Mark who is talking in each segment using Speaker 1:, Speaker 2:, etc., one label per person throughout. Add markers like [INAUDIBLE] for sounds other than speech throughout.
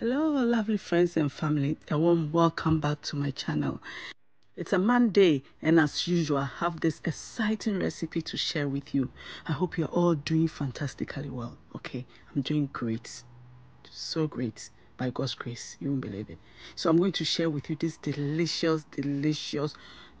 Speaker 1: Hello, lovely friends and family. A warm welcome back to my channel. It's a Monday, and as usual, I have this exciting recipe to share with you. I hope you're all doing fantastically well. Okay, I'm doing great. So great. By God's grace, you won't believe it. So I'm going to share with you this delicious, delicious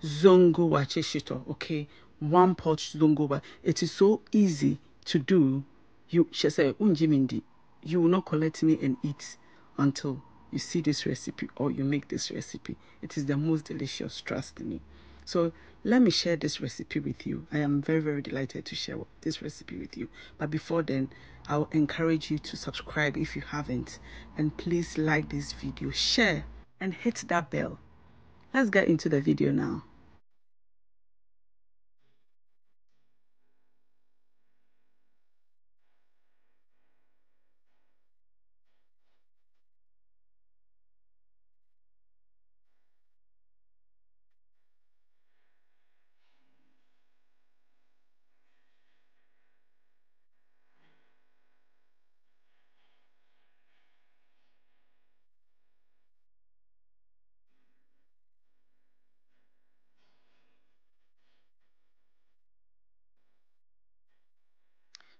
Speaker 1: zongo wacheshito. Okay, one pot zongo. It is so easy to do. You, she said, you will not collect me and eat until you see this recipe or you make this recipe. It is the most delicious, trust me. So let me share this recipe with you. I am very, very delighted to share this recipe with you. But before then, I'll encourage you to subscribe if you haven't. And please like this video, share, and hit that bell. Let's get into the video now.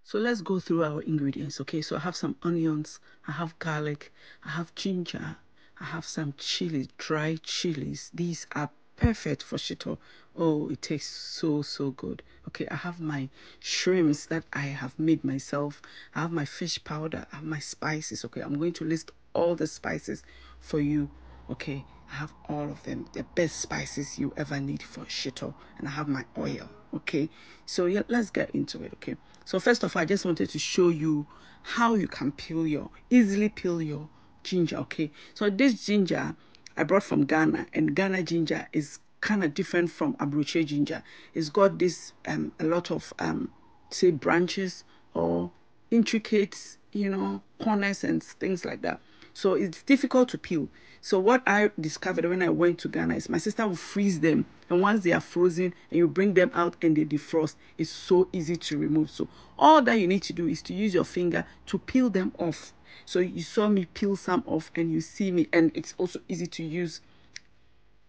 Speaker 1: So let's go through our ingredients, okay? So I have some onions, I have garlic, I have ginger, I have some chilies, dry chilies. These are perfect for shito. Oh, it tastes so, so good. Okay, I have my shrimps that I have made myself. I have my fish powder, I have my spices, okay? I'm going to list all the spices for you, okay? I have all of them, the best spices you ever need for shito. And I have my oil okay so yeah, let's get into it okay so first of all i just wanted to show you how you can peel your easily peel your ginger okay so this ginger i brought from ghana and ghana ginger is kind of different from abruche ginger it's got this um a lot of um say branches or intricate you know corners and things like that so it's difficult to peel. So what I discovered when I went to Ghana is my sister will freeze them. And once they are frozen and you bring them out and they defrost, it's so easy to remove. So all that you need to do is to use your finger to peel them off. So you saw me peel some off and you see me. And it's also easy to use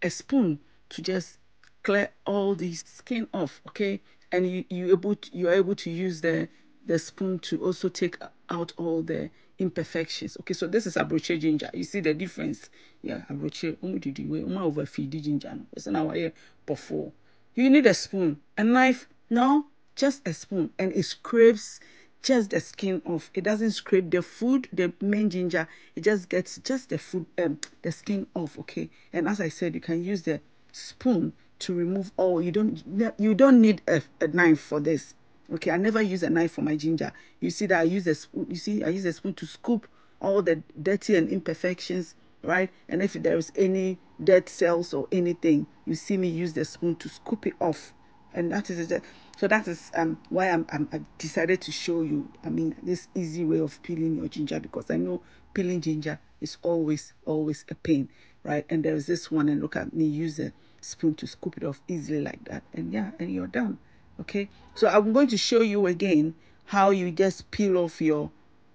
Speaker 1: a spoon to just clear all the skin off, okay? And you, you able to, you're able to use the, the spoon to also take out all the imperfections. Okay, so this is abroche ginger. You see the difference? Yeah, abroche, umu didi we, umu overfeed ginger. It's an hour before. You need a spoon, a knife. No, just a spoon. And it scrapes just the skin off. It doesn't scrape the food, the main ginger. It just gets just the food, um, the skin off, okay? And as I said, you can use the spoon to remove all. You don't, you don't need a, a knife for this. Okay, I never use a knife for my ginger. You see that I use a spoon, you see, I use a spoon to scoop all the dirty and imperfections, right? And if there is any dead cells or anything, you see me use the spoon to scoop it off. And that is it. So that is um, why I'm, I'm, I decided to show you, I mean, this easy way of peeling your ginger because I know peeling ginger is always, always a pain, right? And there is this one and look at me use a spoon to scoop it off easily like that. And yeah, and you're done okay so i'm going to show you again how you just peel off your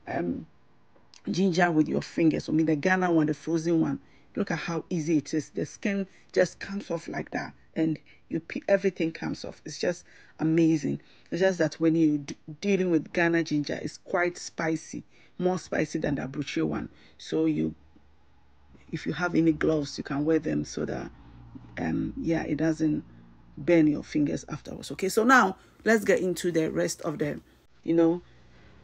Speaker 1: um, ginger with your fingers i mean the ghana one the frozen one look at how easy it is the skin just comes off like that and you everything comes off it's just amazing it's just that when you're dealing with ghana ginger it's quite spicy more spicy than the abuchi one so you if you have any gloves you can wear them so that um yeah it doesn't burn your fingers afterwards. Okay, so now let's get into the rest of the, you know,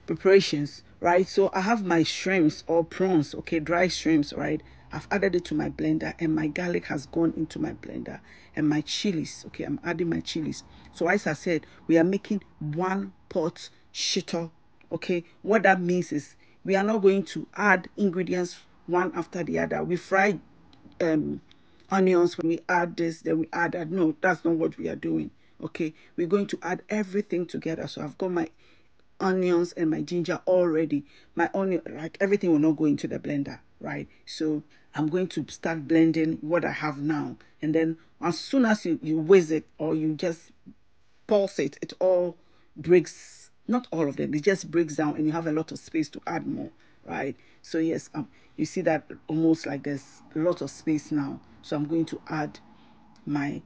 Speaker 1: preparations, right? So I have my shrimps or prawns, okay, dry shrimps, right? I've added it to my blender and my garlic has gone into my blender and my chilies, okay, I'm adding my chilies. So as I said, we are making one pot shito, okay? What that means is we are not going to add ingredients one after the other. We fry um, onions, when we add this, then we add that. No, that's not what we are doing. Okay, we're going to add everything together. So I've got my onions and my ginger already. My onion, like everything will not go into the blender, right? So I'm going to start blending what I have now. And then as soon as you, you whiz it or you just pulse it, it all breaks, not all of them, it just breaks down and you have a lot of space to add more, right? So yes, um, you see that almost like there's a lot of space now. So I'm going to add my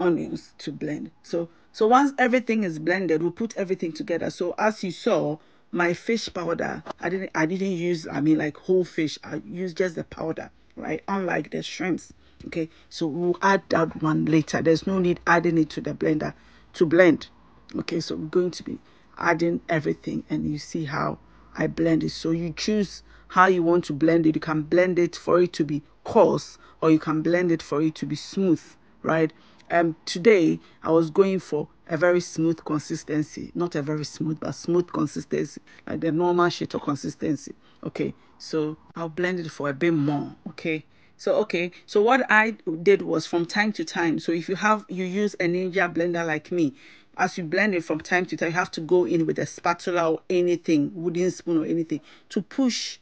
Speaker 1: onions to blend. So, so once everything is blended, we put everything together. So as you saw, my fish powder, I didn't, I didn't use, I mean like whole fish. I used just the powder, right? Unlike the shrimps. Okay. So we'll add that one later. There's no need adding it to the blender to blend. Okay. So we're going to be adding everything and you see how I blend it. So you choose how you want to blend it. You can blend it for it to be coarse or you can blend it for it to be smooth, right? Um, today I was going for a very smooth consistency, not a very smooth, but smooth consistency, like the normal shit or consistency. Okay, so I'll blend it for a bit more. Okay, so okay, so what I did was from time to time. So if you have you use a ninja blender like me, as you blend it from time to time, you have to go in with a spatula or anything, wooden spoon or anything, to push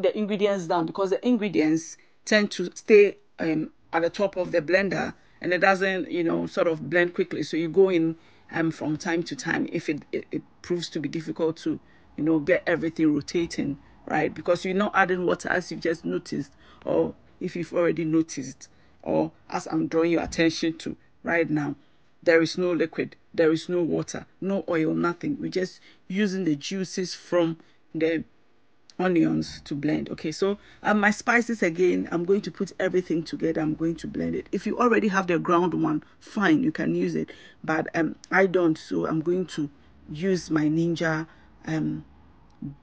Speaker 1: the ingredients down because the ingredients tend to stay um, at the top of the blender and it doesn't, you know, sort of blend quickly. So you go in um, from time to time if it, it, it proves to be difficult to, you know, get everything rotating, right? Because you're not adding water as you've just noticed or if you've already noticed or as I'm drawing your attention to right now. There is no liquid, there is no water, no oil, nothing. We're just using the juices from the onions to blend okay so um, my spices again i'm going to put everything together i'm going to blend it if you already have the ground one fine you can use it but um i don't so i'm going to use my ninja um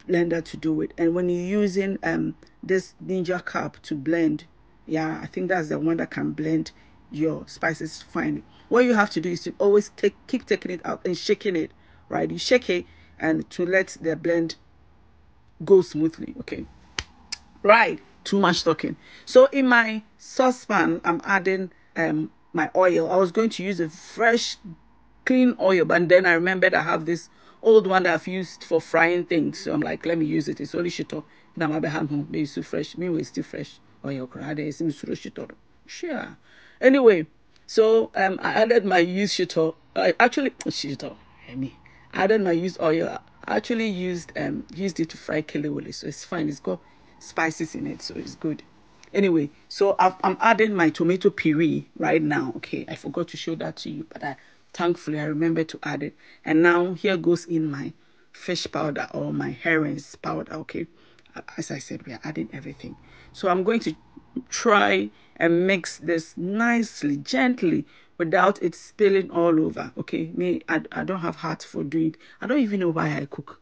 Speaker 1: blender to do it and when you're using um this ninja cup to blend yeah i think that's the one that can blend your spices fine. What you have to do is to always take keep taking it out and shaking it, right? You shake it and to let the blend go smoothly. Okay. Right. Too much talking. So in my saucepan, I'm adding um my oil. I was going to use a fresh clean oil, but then I remembered I have this old one that I've used for frying things. So I'm like, let me use it. It's only shito. Now my hand home. It's too fresh. Me it's still fresh. Oil. It seems to shito. Sure. Anyway, so um, I added my used shito. I actually shito. I mean, I added my used oil. I actually used um used it to fry kelewele, so it's fine. It's got spices in it, so it's good. Anyway, so i am adding my tomato puree right now. Okay, I forgot to show that to you, but I thankfully I remember to add it. And now here goes in my fish powder or my herrings powder. Okay, as I said, we are adding everything. So I'm going to try and mix this nicely, gently, without it spilling all over. Okay, me, I, I don't have heart for doing. I don't even know why I cook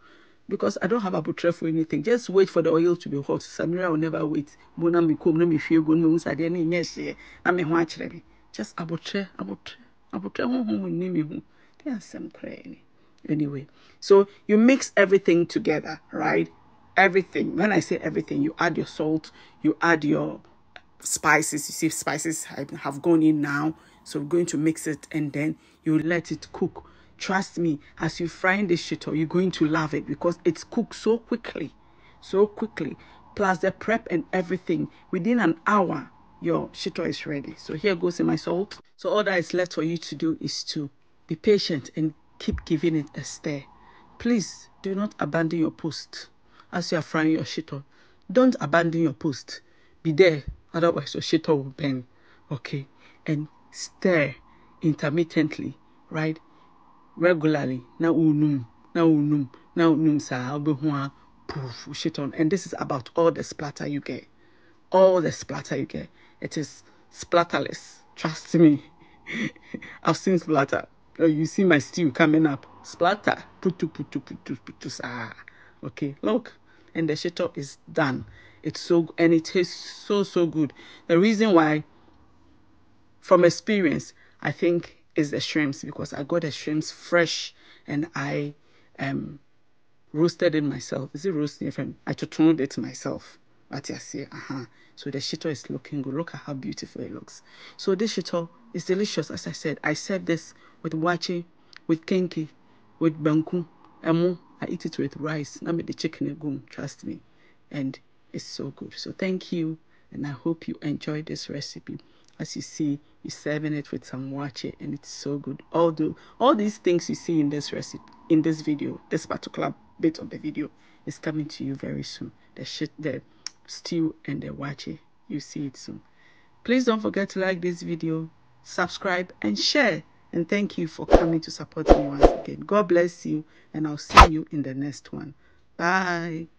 Speaker 1: because I don't have a portrait for anything. Just wait for the oil to be hot. Samira will never wait. Mona me come, no me feel good, no musa deni nyeshe. I me huachre me. Just a abotre, a Hon hon hon ni me hon. There's some crazy. Anyway, so you mix everything together, right? Everything. When I say everything, you add your salt, you add your spices. You see, spices have gone in now. So we're going to mix it and then you let it cook. Trust me, as you frying the shito, you're going to love it because it's cooked so quickly. So quickly. Plus the prep and everything. Within an hour, your shito is ready. So here goes in my soul. So all that is left for you to do is to be patient and keep giving it a stir. Please do not abandon your post as you are frying your shito. Don't abandon your post. Be there otherwise your shitter will burn. Okay, and stir intermittently, right? Regularly. Now unum, now unum, now unum sa poof shit on. And this is about all the splatter you get. All the splatter you get. It is splatterless. Trust me. [LAUGHS] I've seen splatter. Oh, you see my stew coming up. Splatter. Putu putu putu putu sa. Okay, look. And the shit up is done. It's so and it tastes so so good. The reason why, from experience, I think is the shrimps because I got the shrimps fresh and I um roasted it myself. Is it roasting? I tuned it myself. But uh-huh. So the shito is looking good. Look at how beautiful it looks. So this shito is delicious. As I said, I serve this with wachi, with kenki, with banku, emu. I eat it with rice. I make the chicken trust me. And it's so good. So thank you, and I hope you enjoy this recipe. As you see, he's serving it with some wache, and it's so good. All the all these things you see in this recipe, in this video, this particular bit of the video, is coming to you very soon. The shit, the stew, and the wache, you see it soon. Please don't forget to like this video, subscribe, and share. And thank you for coming to support me once again. God bless you, and I'll see you in the next one. Bye.